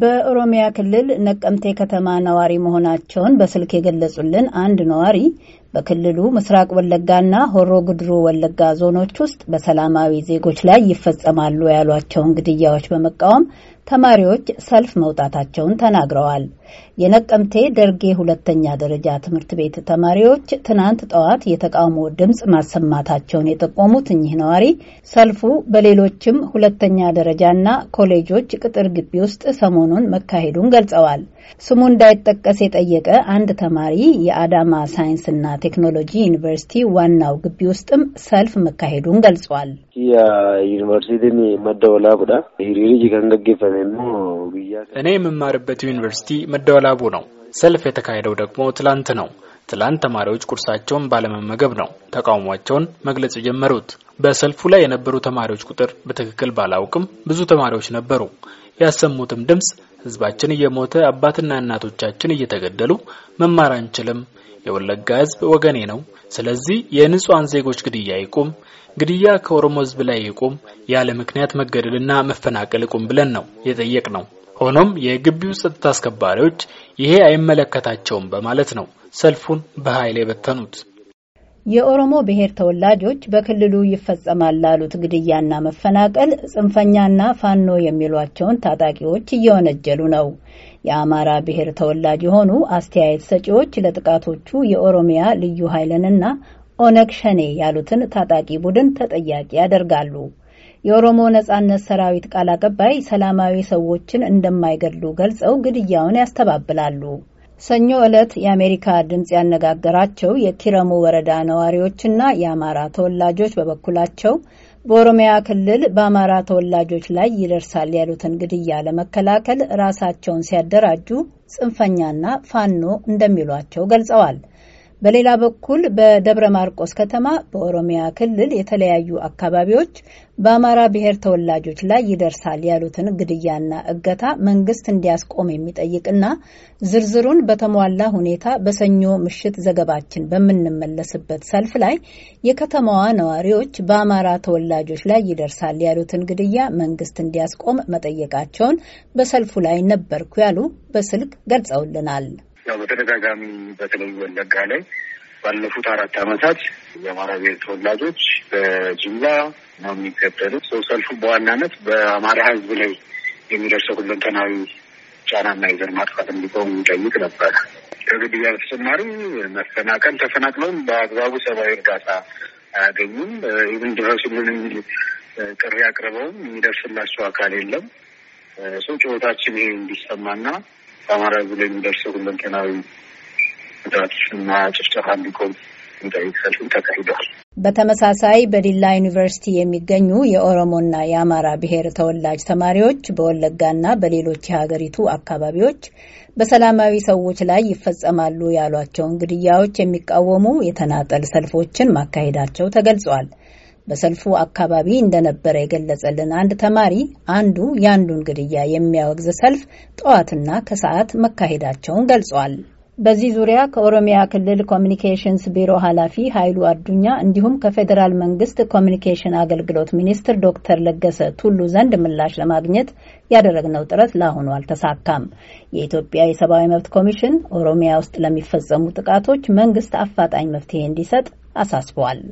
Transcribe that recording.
በኦሮሚያ ክልል ነቀምቴ ከተማ ነዋሪ መሆናቸውን በስልክ የገለጹልን አንድ ነዋሪ በክልሉ ምስራቅ ወለጋና ሆሮ ጉድሩ ወለጋ ዞኖች ውስጥ በሰላማዊ ዜጎች ላይ ይፈጸማሉ ያሏቸውን ግድያዎች በመቃወም ተማሪዎች ሰልፍ መውጣታቸውን ተናግረዋል። የነቀምቴ ደርጌ ሁለተኛ ደረጃ ትምህርት ቤት ተማሪዎች ትናንት ጠዋት የተቃውሞ ድምፅ ማሰማታቸውን የጠቆሙት እኚህ ነዋሪ ሰልፉ በሌሎችም ሁለተኛ ደረጃና ኮሌጆች ቅጥር ግቢ ውስጥ ሰሞኑን መካሄዱን ገልጸዋል። ስሙ እንዳይጠቀስ የጠየቀ አንድ ተማሪ የአዳማ ሳይንስና ቴክኖሎጂ ዩኒቨርሲቲ ዋናው ግቢ ውስጥም ሰልፍ መካሄዱን ገልጿል። ዩኒቨርሲቲ መደወላ እኔ የምማርበት ዩኒቨርሲቲ መደወላቡ ነው። ሰልፍ የተካሄደው ደግሞ ትላንት ነው። ትላንት ተማሪዎች ቁርሳቸውን ባለመመገብ ነው ተቃውሟቸውን መግለጽ የጀመሩት። በሰልፉ ላይ የነበሩ ተማሪዎች ቁጥር በትክክል ባላውቅም ብዙ ተማሪዎች ነበሩ። ያሰሙትም ድምፅ ህዝባችን እየሞተ አባትና እናቶቻችን እየተገደሉ መማር አንችልም፣ የወለጋ ህዝብ ወገኔ ነው፣ ስለዚህ የንጹሃን ዜጎች ግድያ ይቁም፣ ግድያ ከኦሮሞ ህዝብ ላይ ይቁም፣ ያለ ምክንያት መገደልና መፈናቀል ይቁም ብለን ነው የጠየቅ ነው። ሆኖም የግቢው ጸጥታ አስከባሪዎች ይሄ አይመለከታቸውም በማለት ነው ሰልፉን በኃይል የበተኑት። የኦሮሞ ብሔር ተወላጆች በክልሉ ይፈጸማል ላሉት ግድያና መፈናቀል ጽንፈኛና ፋኖ የሚሏቸውን ታጣቂዎች እየወነጀሉ ነው። የአማራ ብሔር ተወላጅ የሆኑ አስተያየት ሰጪዎች ለጥቃቶቹ የኦሮሚያ ልዩ ኃይልንና ኦነግ ሸኔ ያሉትን ታጣቂ ቡድን ተጠያቂ ያደርጋሉ። የኦሮሞ ነጻነት ሰራዊት ቃል አቀባይ ሰላማዊ ሰዎችን እንደማይገድሉ ገልጸው ግድያውን ያስተባብላሉ። ሰኞ ዕለት የአሜሪካ ድምፅ ያነጋገራቸው የኪረሙ ወረዳ ነዋሪዎችና የአማራ ተወላጆች በበኩላቸው በኦሮሚያ ክልል በአማራ ተወላጆች ላይ ይደርሳል ያሉትን ግድያ ለመከላከል ራሳቸውን ሲያደራጁ ጽንፈኛና ፋኖ እንደሚሏቸው ገልጸዋል። በሌላ በኩል በደብረ ማርቆስ ከተማ በኦሮሚያ ክልል የተለያዩ አካባቢዎች በአማራ ብሔር ተወላጆች ላይ ይደርሳል ያሉትን ግድያና እገታ መንግስት እንዲያስቆም የሚጠይቅና ዝርዝሩን በተሟላ ሁኔታ በሰኞ ምሽት ዘገባችን በምንመለስበት ሰልፍ ላይ የከተማዋ ነዋሪዎች በአማራ ተወላጆች ላይ ይደርሳል ያሉትን ግድያ መንግስት እንዲያስቆም መጠየቃቸውን በሰልፉ ላይ ነበርኩ ያሉ በስልክ ገልጸውልናል። ያው በተደጋጋሚ በተለይ ወለጋ ላይ ባለፉት አራት ዓመታት የአማራ ብሔር ተወላጆች በጅምላ ነው የሚገደሉት። ሰው ሰልፉ በዋናነት በአማራ ሕዝብ ላይ የሚደርሰው ሁለንተናዊ ጫናና የዘር ማጥፋት እንዲቆም የሚጠይቅ ነበር። ከግድያ በተጨማሪ መፈናቀል፣ ተፈናቅለውም በአግባቡ ሰብአዊ እርዳታ አያገኙም። ኢቭን ድረሱልን የሚል ጥሪ አቅርበውም የሚደርስላቸው አካል የለም። ሰው ጩኸታችን ይሄ እንዲሰማና በአማራ ሕዝብ ላይ የሚደርሰው ሁለንተናዊ ጉዳትና ጭፍጨፋ እንዲቆም በተመሳሳይ በዲላ ዩኒቨርሲቲ የሚገኙ የኦሮሞና የአማራ ብሔር ተወላጅ ተማሪዎች በወለጋና በሌሎች የሀገሪቱ አካባቢዎች በሰላማዊ ሰዎች ላይ ይፈጸማሉ ያሏቸውን ግድያዎች የሚቃወሙ የተናጠል ሰልፎችን ማካሄዳቸው ተገልጿል። በሰልፉ አካባቢ እንደነበረ የገለጸልን አንድ ተማሪ አንዱ የአንዱን ግድያ የሚያወግዝ ሰልፍ ጠዋትና ከሰዓት መካሄዳቸውን ገልጿል። በዚህ ዙሪያ ከኦሮሚያ ክልል ኮሚኒኬሽንስ ቢሮ ኃላፊ ኃይሉ አዱኛ እንዲሁም ከፌዴራል መንግስት ኮሚኒኬሽን አገልግሎት ሚኒስትር ዶክተር ለገሰ ቱሉ ዘንድ ምላሽ ለማግኘት ያደረግነው ጥረት ለአሁኑ አልተሳካም። የኢትዮጵያ የሰብአዊ መብት ኮሚሽን ኦሮሚያ ውስጥ ለሚፈጸሙ ጥቃቶች መንግስት አፋጣኝ መፍትሄ እንዲሰጥ አሳስቧል።